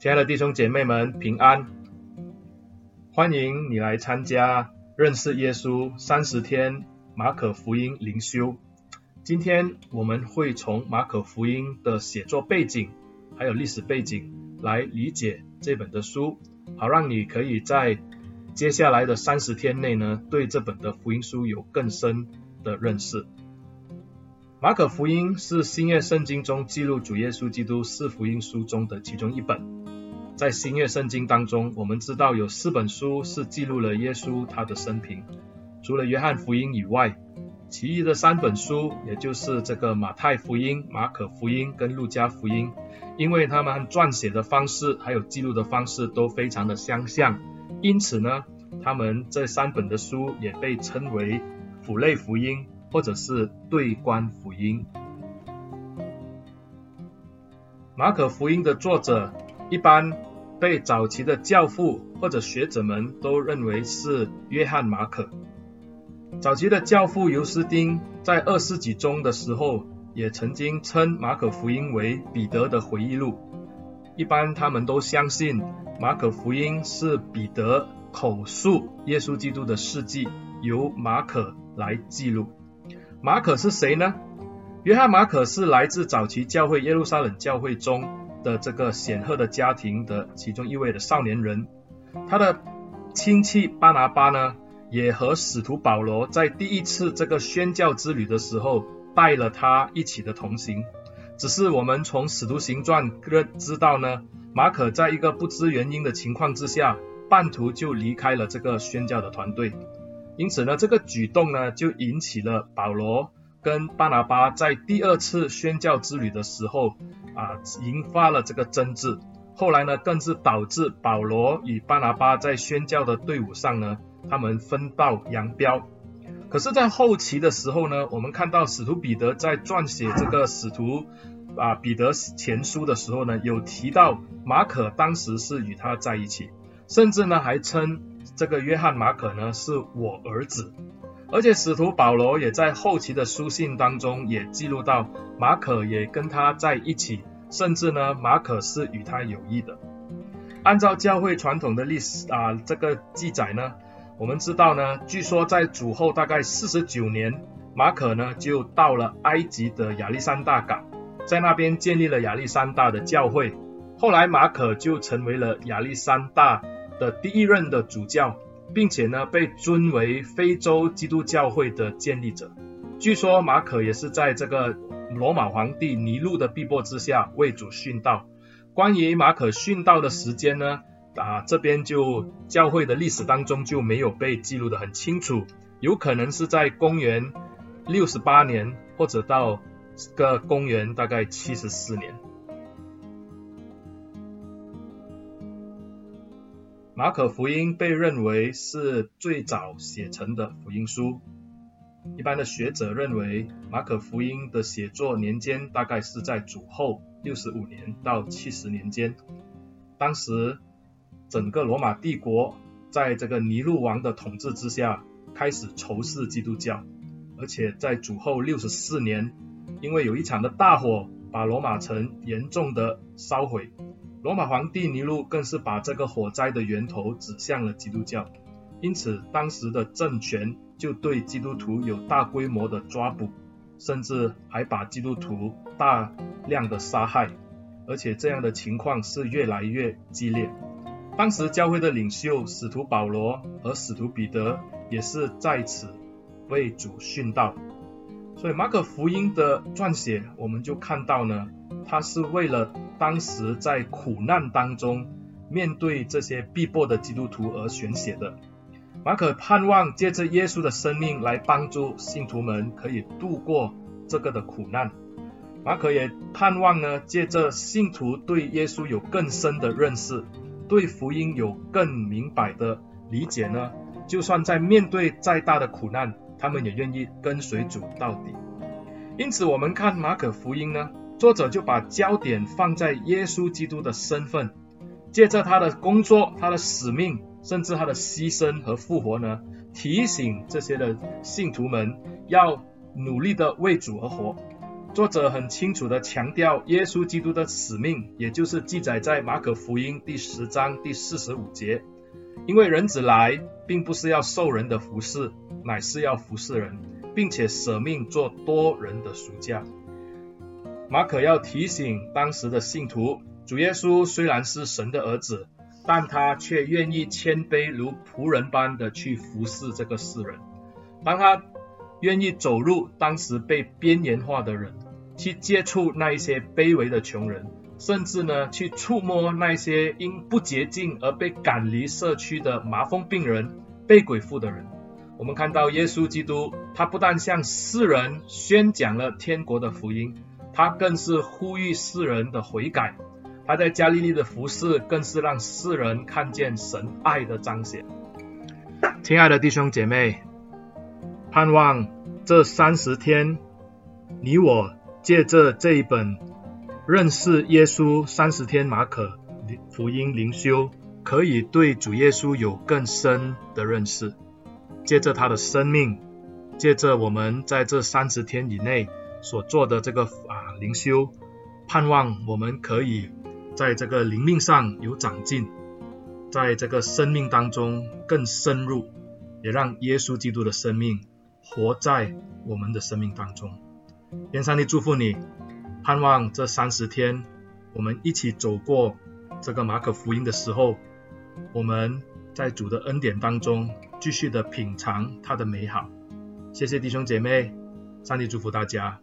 親愛的弟兄姐妹們，平安！歡迎你來參加認識耶穌三十天馬可福音靈修。今天我們會從馬可福音的寫作背景，還有歷史背景來理解這本的書，好讓你可以在接下來的三十天內呢，對這本的福音書有更深的認識。馬可福音是新約聖經中記錄主耶穌基督四福音書中的其中一本。在新約聖經當中，我們知道有四本書是記錄了耶穌他的生平，除了約翰福音以外，其餘的三本書，也就是這個馬太福音、馬可福音跟路加福音，因為他們撰寫的方式還有記錄的方式都非常的相像，因此呢，他們這三本的書也被稱為符類福音，或者是對觀福音。馬可福音的作者一般，被早期的教父、或者學者們都認為是約翰馬可。早期的教父尤斯丁在二世紀中的時候，也曾經稱馬可福音為彼得的回憶錄。一般他們都相信馬可福音是彼得口述耶穌基督的事蹟，由馬可來記錄。馬可是誰呢？約翰馬可是來自早期教會耶路撒冷教會中。的這個顯赫的家庭的其中一位的少年人，他的親戚巴拿巴呢，也和使徒保羅在第一次這個宣教之旅的時候帶了他一起的同行。只是我們從《使徒行傳》知道呢，馬可在一個不知原因的情況之下，半途就離開了這個宣教的團隊。因此呢，這個舉動呢，就引起了保羅跟巴拿巴在第二次宣教之旅的時候。啊，引發了這個爭執，後來呢，更是導致保羅與巴拿巴在宣教的隊伍上呢，他們分道揚鑣。可是，在後期的時候呢，我們看到使徒彼得在撰寫這個使徒啊彼得前書的時候呢，有提到馬可當時是與他在一起，甚至呢還稱這個約翰馬可呢是我兒子。而且使徒保羅也在後期的書信當中也記錄到馬可也跟他在一起。甚至呢，馬可是與他有益的。按照教會傳統的歷史啊，這個記載呢，我們知道呢，據說在主後大概四十九年，馬可呢就到了埃及的亞歷山大港，在那邊建立了亞歷山大的教會。後來馬可就成為了亞歷山大的第一任的主教，並且呢被尊為非洲基督教會的建立者。據說馬可也是在這個。羅馬皇帝尼祿的逼迫之下，為主殉道。關於馬可殉道的時間呢，啊，這邊就教會的歷史當中就沒有被記錄得很清楚，有可能是在公元六十八年，或者到個公元大概七十四年。馬可福音被認為是最早寫成的福音書。一般的學者認為，馬可福音的寫作年間大概是在主後65年到70年間。當時，整個羅馬帝國在這個尼祿王的統治之下，開始仇視基督教。而且在主後64年，因為有一場的大火，把羅馬城嚴重的燒毀，羅馬皇帝尼祿更是把這個火災的源頭指向了基督教。因此，當時的政權就對基督徒有大規模的抓捕，甚至還把基督徒大量的殺害，而且這樣的情況是越來越激烈。當時教會的領袖使徒保羅和使徒彼得也是在此為主殉道。所以，馬可福音的撰寫，我們就看到呢，他是為了當時在苦難當中面對這些逼迫的基督徒而撰寫的。馬可盼望借着耶穌的生命來幫助信徒們可以度過這個的苦難。馬可也盼望呢，借着信徒對耶穌有更深的認識，對福音有更明白的理解呢，就算在面對再大的苦難，他們也願意跟隨主到底。因此，我們看馬可福音呢，作者就把焦點放在耶穌基督的身份，借着他的工作、他的使命。甚至他的犧牲和復活呢，提醒這些的信徒們要努力的為主而活。作者很清楚地強調耶穌基督的使命，也就是記載在馬可福音第十章第四十五節，因為人子來，並不是要受人的服侍，乃是要服侍人，並且捨命做多人的贖價。馬可要提醒當時的信徒，主耶穌雖然是神的兒子。但他卻願意謙卑如僕人般的去服侍這個世人，當他願意走入當時被邊緣化的人，去接觸那一些卑微的窮人，甚至呢去觸摸那些因不潔淨而被趕離社區的麻風病人、被鬼附的人。我們看到耶穌基督，他不但向世人宣講了天國的福音，他更是呼籲世人的悔改。他在加利利的服事更是讓世人看見神愛的彰顯。親愛的弟兄姐妹，盼望這三十天，你我借着這一本認識耶穌三十天馬可福音靈修，可以對主耶穌有更深的認識。借着他的生命，借着我們在這三十天以內所做的這個啊靈修，盼望我們可以。在這個靈命上有長進，在這個生命當中更深入，也讓耶穌基督的生命活在我們的生命當中。願上帝祝福你，盼望這三十天我們一起走過這個馬可福音的時候，我們在主的恩典當中繼續的品嘗它的美好。謝謝弟兄姐妹，上帝祝福大家。